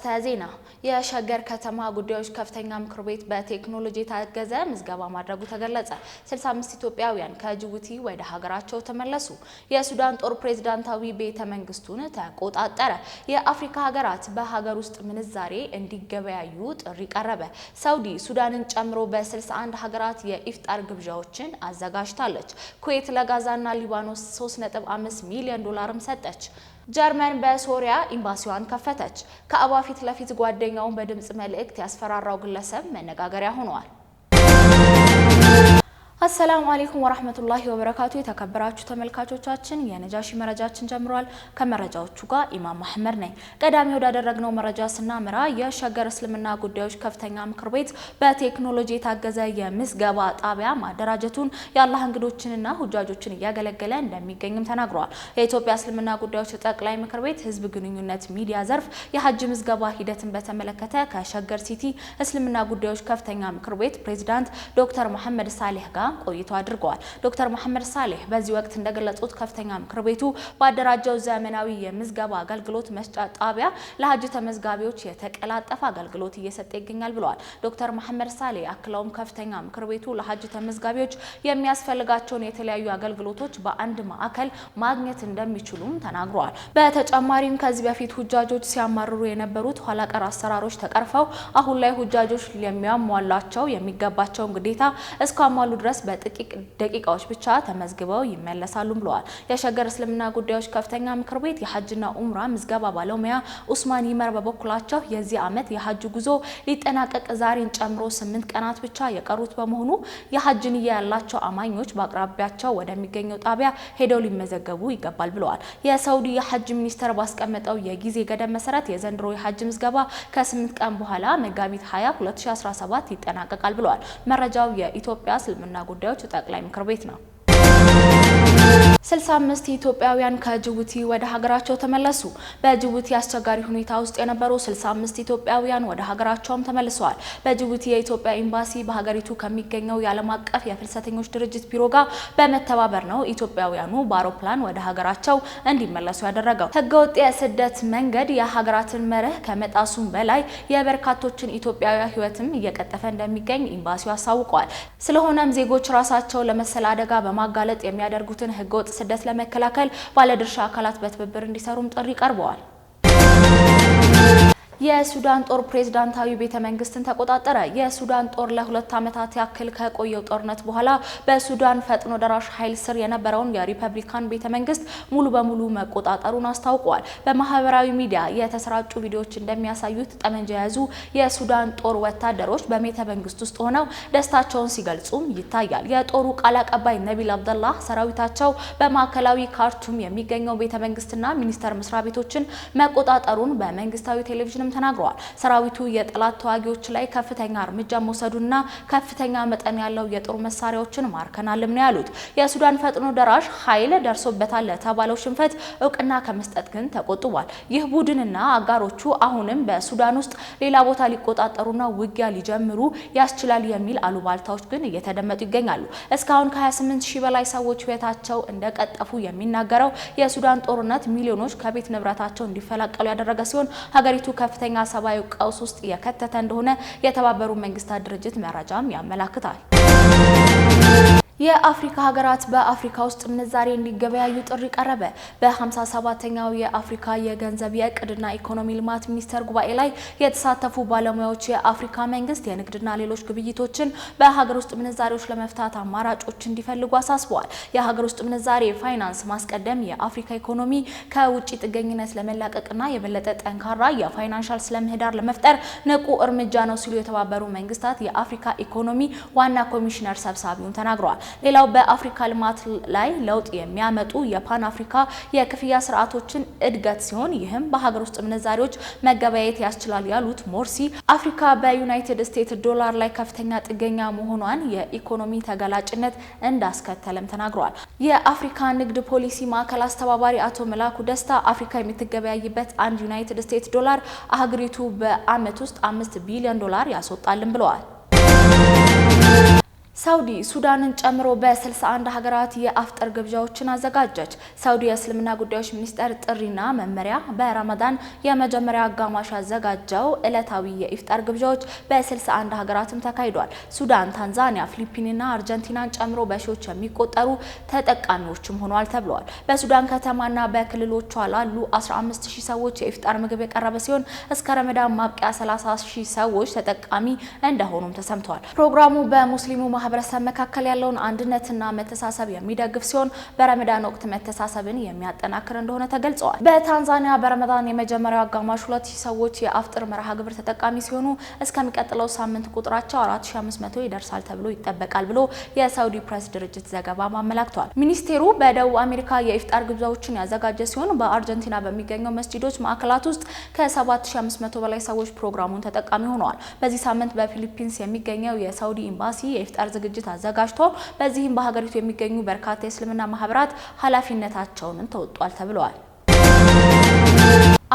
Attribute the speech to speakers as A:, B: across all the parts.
A: አርዕስተ ዜና። የሸገር ከተማ ጉዳዮች ከፍተኛ ምክር ቤት በቴክኖሎጂ የታገዘ ምዝገባ ማድረጉ ተገለጸ። 65 ኢትዮጵያውያን ከጅቡቲ ወደ ሀገራቸው ተመለሱ። የሱዳን ጦር ፕሬዝዳንታዊ ቤተ መንግስቱን ተቆጣጠረ። የአፍሪካ ሀገራት በሀገር ውስጥ ምንዛሬ እንዲገበያዩ ጥሪ ቀረበ። ሳውዲ ሱዳንን ጨምሮ በ61 ሀገራት የኢፍጣር ግብዣዎችን አዘጋጅታለች። ኩዌት ለጋዛና ሊባኖስ 3.5 ሚሊዮን ዶላርም ሰጠች። ጀርመን በሶሪያ ኤምባሲዋን ከፈተች። ከአባ ፊት ለፊት ጓደኛውን በድምፅ መልእክት ያስፈራራው ግለሰብ መነጋገሪያ ሆኗል። አሰላሙ አሌይኩም ወራህመቱላሂ ወበረካቱ። የተከበራችሁ ተመልካቾቻችን የነጃሺ መረጃችን ጀምሯል። ከመረጃዎቹ ጋር ኢማም አህመድ ነኝ። ቀዳሚ ወዳደረግነው መረጃ ስናምራ የሸገር እስልምና ጉዳዮች ከፍተኛ ምክር ቤት በቴክኖሎጂ የታገዘ የምዝገባ ጣቢያ ማደራጀቱን የአላህ እንግዶችንና ሁጃጆችን እያገለገለ እንደሚገኝም ተናግሯል። የኢትዮጵያ እስልምና ጉዳዮች ጠቅላይ ምክር ቤት ህዝብ ግንኙነት ሚዲያ ዘርፍ የሀጅ ምዝገባ ሂደትን በተመለከተ ከሸገር ሲቲ እስልምና ጉዳዮች ከፍተኛ ምክር ቤት ፕሬዚዳንት ዶክተር መሐመድ ሳሌህ ጋር ቆይቶ አድርገዋል። ዶክተር መሐመድ ሳሌህ በዚህ ወቅት እንደገለጹት ከፍተኛ ምክር ቤቱ ባደራጀው ዘመናዊ የምዝገባ አገልግሎት መስጫ ጣቢያ ለሀጅ ተመዝጋቢዎች የተቀላጠፈ አገልግሎት እየሰጠ ይገኛል ብለዋል። ዶክተር መሐመድ ሳሌህ አክለውም ከፍተኛ ምክር ቤቱ ለሀጅ ተመዝጋቢዎች የሚያስፈልጋቸውን የተለያዩ አገልግሎቶች በአንድ ማዕከል ማግኘት እንደሚችሉም ተናግረዋል። በተጨማሪም ከዚህ በፊት ሁጃጆች ሲያማርሩ የነበሩት ኋላቀር አሰራሮች ተቀርፈው አሁን ላይ ሁጃጆች የሚያሟላቸው የሚገባቸውን ግዴታ እስካሟሉ ድረስ በጥቂት ደቂቃዎች ብቻ ተመዝግበው ይመለሳሉ ብለዋል። የሸገር እስልምና ጉዳዮች ከፍተኛ ምክር ቤት የሀጅና ኡምራ ምዝገባ ባለሙያ ኡስማን ይመር በበኩላቸው የዚህ ዓመት የሀጅ ጉዞ ሊጠናቀቅ ዛሬን ጨምሮ ስምንት ቀናት ብቻ የቀሩት በመሆኑ የሐጅ ንያ ያላቸው አማኞች በአቅራቢያቸው ወደሚገኘው ጣቢያ ሄደው ሊመዘገቡ ይገባል ብለዋል። የሳውዲ የሀጅ ሚኒስቴር ባስቀመጠው የጊዜ ገደብ መሰረት የዘንድሮ የሀጅ ምዝገባ ከስምንት ቀን በኋላ መጋቢት 20 2017 ይጠናቀቃል ብለዋል። መረጃው የኢትዮጵያ እስልምና ጉዳዮች ጠቅላይ ምክር ቤት ነው። ስልሳ አምስት ኢትዮጵያውያን ከጅቡቲ ወደ ሀገራቸው ተመለሱ። በጅቡቲ አስቸጋሪ ሁኔታ ውስጥ የነበሩ ስልሳ አምስት ኢትዮጵያውያን ወደ ሀገራቸውም ተመልሰዋል። በጅቡቲ የኢትዮጵያ ኤምባሲ በሀገሪቱ ከሚገኘው የዓለም አቀፍ የፍልሰተኞች ድርጅት ቢሮ ጋር በመተባበር ነው ኢትዮጵያውያኑ በአውሮፕላን ወደ ሀገራቸው እንዲመለሱ ያደረገው። ህገወጥ የስደት መንገድ የሀገራትን መርህ ከመጣሱም በላይ የበርካቶችን ኢትዮጵያውያን ህይወትም እየቀጠፈ እንደሚገኝ ኤምባሲው አሳውቋል። ስለሆነም ዜጎች ራሳቸው ለመሰል አደጋ በማጋለጥ የሚያደርጉትን ህገወጥ ስደት ለመከላከል ባለድርሻ አካላት በትብብር እንዲሰሩም ጥሪ ቀርበዋል። የሱዳን ጦር ፕሬዝዳንታዊ ቤተ መንግስትን ተቆጣጠረ። የሱዳን ጦር ለሁለት ዓመታት ያክል ከቆየው ጦርነት በኋላ በሱዳን ፈጥኖ ደራሽ ኃይል ስር የነበረውን የሪፐብሊካን ቤተ መንግስት ሙሉ በሙሉ መቆጣጠሩን አስታውቋል። በማህበራዊ ሚዲያ የተሰራጩ ቪዲዮዎች እንደሚያሳዩት ጠመንጃ የያዙ የሱዳን ጦር ወታደሮች በቤተ መንግስት ውስጥ ሆነው ደስታቸውን ሲገልጹም ይታያል። የጦሩ ቃል አቀባይ ነቢል አብደላህ ሰራዊታቸው በማዕከላዊ ካርቱም የሚገኘው ቤተ መንግስትና ሚኒስቴር መስሪያ ቤቶችን መቆጣጠሩን በመንግስታዊ ቴሌቪዥን። ሲሉም ተናግረዋል። ሰራዊቱ የጠላት ተዋጊዎች ላይ ከፍተኛ እርምጃ መውሰዱና ከፍተኛ መጠን ያለው የጦር መሳሪያዎችን ማርከናልም ነው ያሉት። የሱዳን ፈጥኖ ደራሽ ኃይል ደርሶበታል ለተባለው ሽንፈት እውቅና ከመስጠት ግን ተቆጥቧል። ይህ ቡድንና አጋሮቹ አሁንም በሱዳን ውስጥ ሌላ ቦታ ሊቆጣጠሩና ውጊያ ሊጀምሩ ያስችላል የሚል አሉባልታዎች ግን እየተደመጡ ይገኛሉ። እስካሁን ከ28 ሺህ በላይ ሰዎች ህይወታቸው እንደቀጠፉ የሚናገረው የሱዳን ጦርነት ሚሊዮኖች ከቤት ንብረታቸው እንዲፈላቀሉ ያደረገ ሲሆን ሀገሪቱ ከፍ ከፍተኛ ሰብአዊ ቀውስ ውስጥ የከተተ እንደሆነ የተባበሩት መንግስታት ድርጅት መረጃም ያመላክታል። የአፍሪካ ሀገራት በአፍሪካ ውስጥ ምንዛሬ እንዲገበያዩ ጥሪ ቀረበ። በ57ኛው የአፍሪካ የገንዘብ የእቅድና ኢኮኖሚ ልማት ሚኒስቴር ጉባኤ ላይ የተሳተፉ ባለሙያዎች የአፍሪካ መንግስት የንግድና ሌሎች ግብይቶችን በሀገር ውስጥ ምንዛሬዎች ለመፍታት አማራጮች እንዲፈልጉ አሳስበዋል። የሀገር ውስጥ ምንዛሬ ፋይናንስ ማስቀደም የአፍሪካ ኢኮኖሚ ከውጭ ጥገኝነት ለመላቀቅና የበለጠ ጠንካራ የፋይናንሻል ስለምህዳር ለመፍጠር ንቁ እርምጃ ነው ሲሉ የተባበሩ መንግስታት የአፍሪካ ኢኮኖሚ ዋና ኮሚሽነር ሰብሳቢውን ተናግረዋል። ሌላው በአፍሪካ ልማት ላይ ለውጥ የሚያመጡ የፓን አፍሪካ የክፍያ ስርዓቶችን እድገት ሲሆን ይህም በሀገር ውስጥ ምንዛሪዎች መገበያየት ያስችላል ያሉት ሞርሲ አፍሪካ በዩናይትድ ስቴትስ ዶላር ላይ ከፍተኛ ጥገኛ መሆኗን የኢኮኖሚ ተጋላጭነት እንዳስከተለም ተናግረዋል። የአፍሪካ ንግድ ፖሊሲ ማዕከል አስተባባሪ አቶ መላኩ ደስታ አፍሪካ የምትገበያይበት አንድ ዩናይትድ ስቴትስ ዶላር አህጉሪቱ በዓመት ውስጥ አምስት ቢሊዮን ዶላር ያስወጣልን ብለዋል። ሳውዲ ሱዳንን ጨምሮ በ61 ሀገራት የአፍጠር ግብዣዎችን አዘጋጀች። ሳውዲ የእስልምና ጉዳዮች ሚኒስቴር ጥሪና መመሪያ በረመዳን የመጀመሪያ አጋማሽ ያዘጋጀው ዕለታዊ የኢፍጣር ግብዣዎች በ61 ሀገራትም ተካሂዷል። ሱዳን፣ ታንዛኒያ፣ ፊሊፒንና አርጀንቲናን ጨምሮ በሺዎች የሚቆጠሩ ተጠቃሚዎችም ሆኗል ተብለዋል። በሱዳን ከተማና በክልሎቿ ላሉ 15 ሺህ ሰዎች የኢፍጣር ምግብ የቀረበ ሲሆን እስከ ረመዳን ማብቂያ 30 ሺህ ሰዎች ተጠቃሚ እንደሆኑም ተሰምተዋል። ፕሮግራሙ በሙስሊሙ ማህበረሰብ ማህበረሰብ መካከል ያለውን አንድነትና መተሳሰብ የሚደግፍ ሲሆን በረመዳን ወቅት መተሳሰብን የሚያጠናክር እንደሆነ ተገልጸዋል። በታንዛኒያ በረመዳን የመጀመሪያው አጋማሽ ሁለት ሺህ ሰዎች የአፍጥር መርሃ ግብር ተጠቃሚ ሲሆኑ እስከሚቀጥለው ሳምንት ቁጥራቸው 4500 ይደርሳል ተብሎ ይጠበቃል ብሎ የሳውዲ ፕሬስ ድርጅት ዘገባ ማመላክቷል። ሚኒስቴሩ በደቡብ አሜሪካ የኢፍጣር ግብዣዎችን ያዘጋጀ ሲሆን በአርጀንቲና በሚገኘው መስጂዶች ማዕከላት ውስጥ ከ7500 በላይ ሰዎች ፕሮግራሙን ተጠቃሚ ሆነዋል። በዚህ ሳምንት በፊሊፒንስ የሚገኘው የሳውዲ ኤምባሲ የኢፍጣር ዝግጅት አዘጋጅቶ በዚህም በሀገሪቱ የሚገኙ በርካታ የእስልምና ማህበራት ኃላፊነታቸውንም ተወጧል ተብለዋል።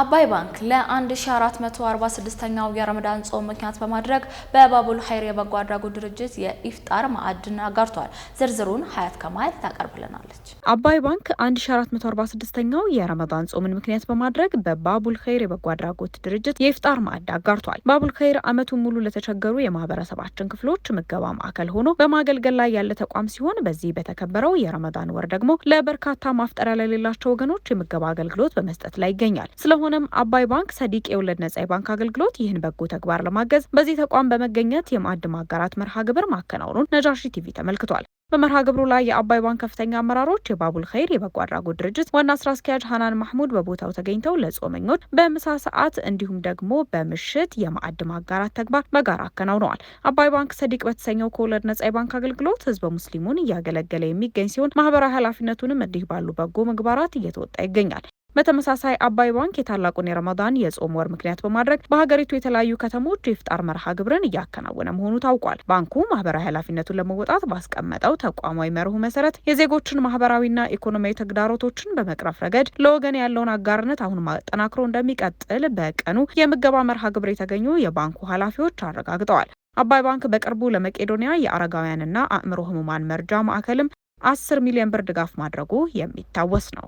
A: አባይ ባንክ ለ1446ኛው የረመዳን ጾም ምክንያት በማድረግ በባቡል ሀይር የበጎ አድራጎት ድርጅት የኢፍጣር ማዕድን አጋርቷል። ዝርዝሩን ሀያት ከማየት ታቀርብልናለች። አባይ ባንክ 1446ኛው የረመዳን ጾምን ምክንያት በማድረግ በባቡል ሀይር የበጎ አድራጎት ድርጅት የኢፍጣር ማዕድ አጋርቷል። ባቡል ኸይር ዓመቱን ሙሉ ለተቸገሩ የማህበረሰባችን ክፍሎች ምገባ ማዕከል ሆኖ በማገልገል ላይ ያለ ተቋም ሲሆን በዚህ በተከበረው የረመዳን ወር ደግሞ ለበርካታ ማፍጠሪያ ለሌላቸው ወገኖች የምገባ አገልግሎት በመስጠት ላይ ይገኛል። ስለሆነም አባይ ባንክ ሰዲቅ የወለድ ነጻ የባንክ አገልግሎት ይህን በጎ ተግባር ለማገዝ በዚህ ተቋም በመገኘት የማዕድ ማጋራት መርሃ ግብር ማከናወኑን ነጃሺ ቲቪ ተመልክቷል። በመርሃ ግብሩ ላይ የአባይ ባንክ ከፍተኛ አመራሮች፣ የባቡል ኸይር የበጎ አድራጎት ድርጅት ዋና ስራ አስኪያጅ ሀናን ማህሙድ በቦታው ተገኝተው ለጾመኞች በምሳ ሰዓት እንዲሁም ደግሞ በምሽት የማዕድ ማጋራት ተግባር በጋራ አከናውነዋል። አባይ ባንክ ሰዲቅ በተሰኘው ከወለድ ነጻ የባንክ አገልግሎት ህዝበ ሙስሊሙን እያገለገለ የሚገኝ ሲሆን ማህበራዊ ኃላፊነቱንም እንዲህ ባሉ በጎ ምግባራት እየተወጣ ይገኛል። በተመሳሳይ አባይ ባንክ የታላቁን የረመዳን የጾም ወር ምክንያት በማድረግ በሀገሪቱ የተለያዩ ከተሞች የፍጣር መርሃ ግብርን እያከናወነ መሆኑ ታውቋል። ባንኩ ማህበራዊ ኃላፊነቱን ለመወጣት ባስቀመጠው ተቋማዊ መርሁ መሰረት የዜጎችን ማህበራዊና ኢኮኖሚያዊ ተግዳሮቶችን በመቅረፍ ረገድ ለወገን ያለውን አጋርነት አሁን ማጠናክሮ እንደሚቀጥል በቀኑ የምገባ መርሃ ግብር የተገኙ የባንኩ ኃላፊዎች አረጋግጠዋል። አባይ ባንክ በቅርቡ ለመቄዶንያ የአረጋውያንና አእምሮ ህሙማን መርጃ ማዕከልም አስር ሚሊዮን ብር ድጋፍ ማድረጉ የሚታወስ ነው።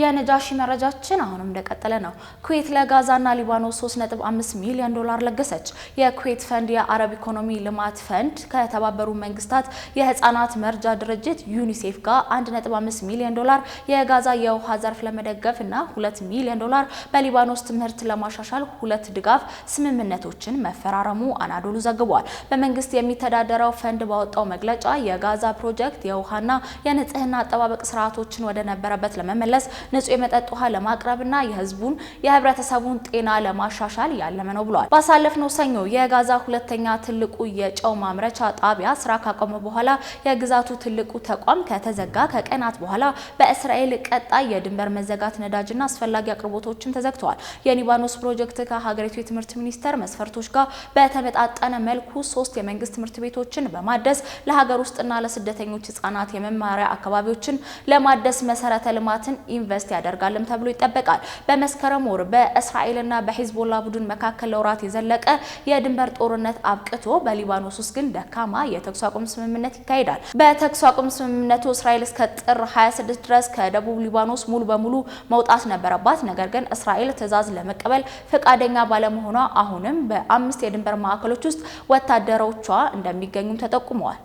A: የነጃሺ መረጃችን አሁንም እንደቀጠለ ነው። ኩዌት ለጋዛና ሊባኖስ 3.5 ሚሊዮን ዶላር ለገሰች። የኩዌት ፈንድ የአረብ ኢኮኖሚ ልማት ፈንድ ከተባበሩ መንግስታት የህፃናት መርጃ ድርጅት ዩኒሴፍ ጋር 1.5 ሚሊዮን ዶላር የጋዛ የውሃ ዘርፍ ለመደገፍ እና 2 ሚሊዮን ዶላር በሊባኖስ ትምህርት ለማሻሻል ሁለት ድጋፍ ስምምነቶችን መፈራረሙ አናዶሉ ዘግቧል። በመንግስት የሚተዳደረው ፈንድ ባወጣው መግለጫ የጋዛ ፕሮጀክት የውሃና የንጽህና አጠባበቅ ስርዓቶችን ወደ ነበረበት ለመመለስ ንጹህ የመጠጥ ውሃ ለማቅረብና የህዝቡን የህብረተሰቡን ጤና ለማሻሻል ያለመ ነው ብሏል። ባሳለፍነው ሰኞ የጋዛ ሁለተኛ ትልቁ የጨው ማምረቻ ጣቢያ ስራ ካቆመ በኋላ የግዛቱ ትልቁ ተቋም ከተዘጋ ከቀናት በኋላ በእስራኤል ቀጣይ የድንበር መዘጋት ነዳጅና አስፈላጊ አቅርቦቶችም ተዘግተዋል። የሊባኖስ ፕሮጀክት ከሀገሪቱ የትምህርት ሚኒስቴር መስፈርቶች ጋር በተመጣጠነ መልኩ ሶስት የመንግስት ትምህርት ቤቶችን በማደስ ለሀገር ውስጥና ለስደተኞች ህጻናት የመማሪያ አካባቢዎችን ለማደስ መሰረተ ልማትን ኢንቨስት ያደርጋልም ተብሎ ይጠበቃል። በመስከረም ወር በእስራኤልና በሂዝቦላ ቡድን መካከል ለወራት የዘለቀ የድንበር ጦርነት አብቅቶ በሊባኖስ ውስጥ ግን ደካማ የተኩስ አቁም ስምምነት ይካሄዳል። በተኩስ አቁም ስምምነቱ እስራኤል እስከ ጥር 26 ድረስ ከደቡብ ሊባኖስ ሙሉ በሙሉ መውጣት ነበረባት። ነገር ግን እስራኤል ትዕዛዝ ለመቀበል ፈቃደኛ ባለመሆኗ አሁንም በአምስት የድንበር ማዕከሎች ውስጥ ወታደሮቿ እንደሚገኙም ተጠቁመዋል።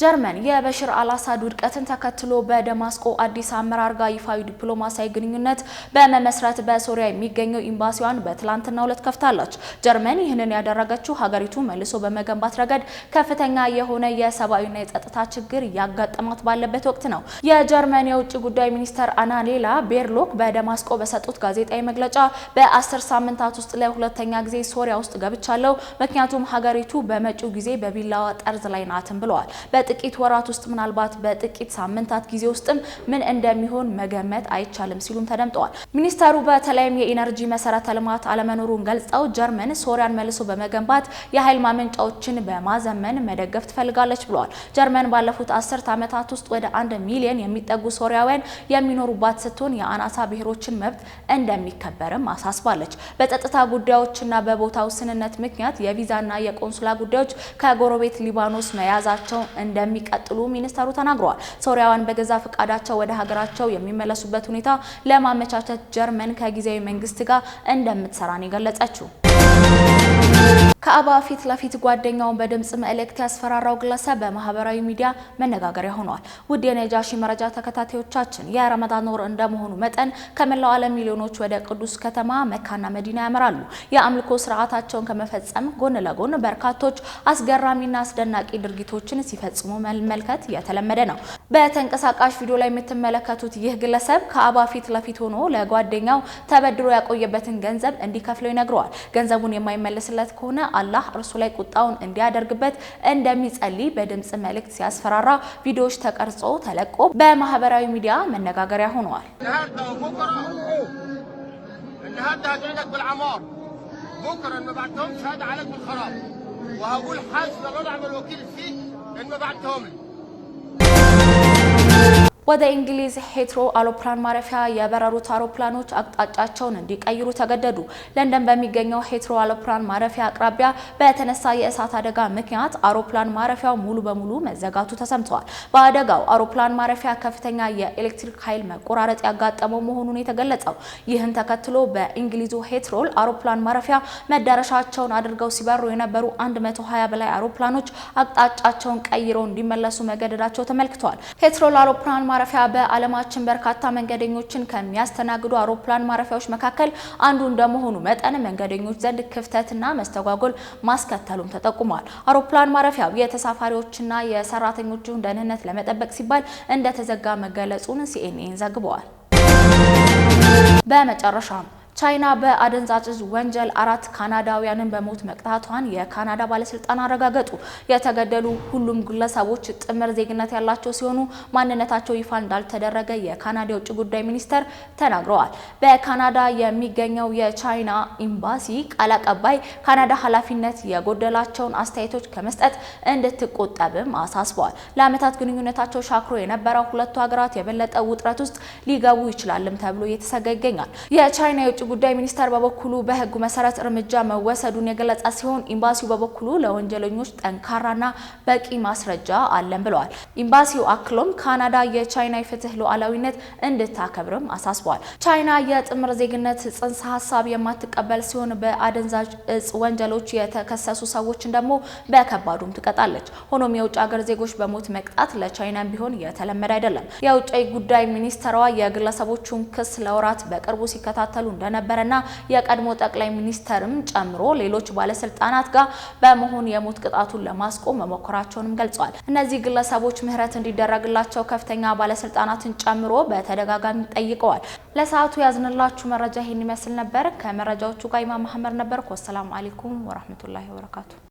A: ጀርመን የበሽር አልአሳድ ውድቀትን ተከትሎ በደማስቆ አዲስ አመራር ጋር ይፋዊ ዲፕሎማሲያዊ ግንኙነት በመመስረት በሶሪያ የሚገኘው ኤምባሲዋን በትላንትናው ዕለት ከፍታለች። ጀርመን ይህንን ያደረገችው ሀገሪቱ መልሶ በመገንባት ረገድ ከፍተኛ የሆነ የሰብአዊና የጸጥታ ችግር እያጋጠማት ባለበት ወቅት ነው። የጀርመን የውጭ ጉዳይ ሚኒስተር አናሌላ ቤርሎክ በደማስቆ በሰጡት ጋዜጣዊ መግለጫ በአስር ሳምንታት ውስጥ ለሁለተኛ ጊዜ ሶሪያ ውስጥ ገብቻለሁ፣ ምክንያቱም ሀገሪቱ በመጪው ጊዜ በቢላዋ ጠርዝ ላይ ናትም ብለዋል። በጥቂት ወራት ውስጥ ምናልባት በጥቂት ሳምንታት ጊዜ ውስጥም ምን እንደሚሆን መገመት አይቻልም ሲሉም ተደምጠዋል። ሚኒስተሩ በተለይም የኢነርጂ መሰረተ ልማት አለመኖሩን ገልጸው ጀርመን ሶሪያን መልሶ በመገንባት የኃይል ማመንጫዎችን በማዘመን መደገፍ ትፈልጋለች ብለዋል። ጀርመን ባለፉት አስርት ዓመታት ውስጥ ወደ አንድ ሚሊዮን የሚጠጉ ሶሪያውያን የሚኖሩባት ስትሆን የአናሳ ብሔሮችን መብት እንደሚከበርም አሳስባለች። በጸጥታ ጉዳዮችና በቦታ ውስንነት ምክንያት የቪዛና የቆንሱላ ጉዳዮች ከጎረቤት ሊባኖስ መያዛቸው እንደሚቀጥሉ ሚኒስተሩ ተናግረዋል። ሶሪያውያን በገዛ ፈቃዳቸው ወደ ሀገራቸው የሚመለሱበት ሁኔታ ለማመቻቸት ጀርመን ከጊዜያዊ መንግስት ጋር እንደምትሰራ ነው የገለጸችው። ከአባ ፊት ለፊት ጓደኛውን በድምጽ መልእክት ያስፈራራው ግለሰብ በማህበራዊ ሚዲያ መነጋገሪያ ሆኗል። ውድ የነጃሺ መረጃ ተከታታዮቻችን የረመዳን ወር እንደመሆኑ መጠን ከመላው ዓለም ሚሊዮኖች ወደ ቅዱስ ከተማ መካና መዲና ያመራሉ። የአምልኮ ስርዓታቸውን ከመፈጸም ጎን ለጎን በርካቶች አስገራሚና አስደናቂ ድርጊቶችን ሲፈጽሙ መመልከት የተለመደ ነው። በተንቀሳቃሽ ቪዲዮ ላይ የምትመለከቱት ይህ ግለሰብ ከአባ ፊት ለፊት ሆኖ ለጓደኛው ተበድሮ ያቆየበትን ገንዘብ እንዲከፍለው ይነግረዋል። ገንዘቡን የማይመልስለት ከሆነ አላህ እርሱ ላይ ቁጣውን እንዲያደርግበት እንደሚጸልይ በድምፅ መልእክት ሲያስፈራራ ቪዲዮዎች ተቀርጾ ተለቆ በማህበራዊ ሚዲያ መነጋገሪያ ሆነዋል። ወደ እንግሊዝ ሄትሮ አውሮፕላን ማረፊያ የበረሩት አውሮፕላኖች አቅጣጫቸውን እንዲቀይሩ ተገደዱ። ለንደን በሚገኘው ሄትሮ አውሮፕላን ማረፊያ አቅራቢያ በተነሳ የእሳት አደጋ ምክንያት አውሮፕላን ማረፊያው ሙሉ በሙሉ መዘጋቱ ተሰምተዋል። በአደጋው አውሮፕላን ማረፊያ ከፍተኛ የኤሌክትሪክ ኃይል መቆራረጥ ያጋጠመው መሆኑን የተገለጸው ይህን ተከትሎ በእንግሊዙ ሄትሮል አውሮፕላን ማረፊያ መዳረሻቸውን አድርገው ሲበሩ የነበሩ 120 በላይ አውሮፕላኖች አቅጣጫቸውን ቀይረው እንዲመለሱ መገደዳቸው ተመልክተዋል። ሄትሮል አውሮፕላን ማረፊያ በዓለማችን በርካታ መንገደኞችን ከሚያስተናግዱ አውሮፕላን ማረፊያዎች መካከል አንዱ እንደመሆኑ መጠን መንገደኞች ዘንድ ክፍተትና መስተጓጎል ማስከተሉም ተጠቁሟል። አውሮፕላን ማረፊያው የተሳፋሪዎችና የሰራተኞቹን ደህንነት ለመጠበቅ ሲባል እንደተዘጋ መገለጹን ሲኤንኤን ዘግበዋል። በመጨረሻም ቻይና በአደንዛዥ እጽ ወንጀል አራት ካናዳውያንን በሞት መቅጣቷን የካናዳ ባለስልጣን አረጋገጡ። የተገደሉ ሁሉም ግለሰቦች ጥምር ዜግነት ያላቸው ሲሆኑ ማንነታቸው ይፋ እንዳልተደረገ የካናዳ የውጭ ጉዳይ ሚኒስተር ተናግረዋል። በካናዳ የሚገኘው የቻይና ኤምባሲ ቃል አቀባይ ካናዳ ኃላፊነት የጎደላቸውን አስተያየቶች ከመስጠት እንድትቆጠብም አሳስበዋል። ለዓመታት ግንኙነታቸው ሻክሮ የነበረው ሁለቱ ሀገራት የበለጠ ውጥረት ውስጥ ሊገቡ ይችላልም ተብሎ እየተሰጋ ይገኛል። የቻይና የውጭ ጉዳይ ሚኒስቴር በበኩሉ በህጉ መሰረት እርምጃ መወሰዱን የገለጸ ሲሆን ኤምባሲው በበኩሉ ለወንጀለኞች ጠንካራና በቂ ማስረጃ አለን ብለዋል። ኢምባሲው አክሎም ካናዳ የቻይና የፍትህ ሉዓላዊነት እንድታከብርም አሳስቧል። ቻይና የጥምር ዜግነት ጽንሰ ሀሳብ የማትቀበል ሲሆን በአደንዛዥ እጽ ወንጀሎች የተከሰሱ ሰዎችን ደግሞ በከባዱም ትቀጣለች። ሆኖም የውጭ ሀገር ዜጎች በሞት መቅጣት ለቻይናም ቢሆን የተለመደ አይደለም። የውጭ ጉዳይ ሚኒስቴሯ የግለሰቦቹን ክስ ለወራት በቅርቡ ሲከታተሉ እንደነ ነበረና የቀድሞ ጠቅላይ ሚኒስተርም ጨምሮ ሌሎች ባለስልጣናት ጋር በመሆን የሞት ቅጣቱን ለማስቆም መሞከራቸውንም ገልጿል። እነዚህ ግለሰቦች ምህረት እንዲደረግላቸው ከፍተኛ ባለስልጣናትን ጨምሮ በተደጋጋሚ ጠይቀዋል። ለሰዓቱ ያዝንላችሁ መረጃ ይህን ይመስል ነበር። ከመረጃዎቹ ጋር ኢማም ማህመድ ነበርኩ። ወሰላሙ አሌይኩም ወረህመቱላሂ ወበረካቱ።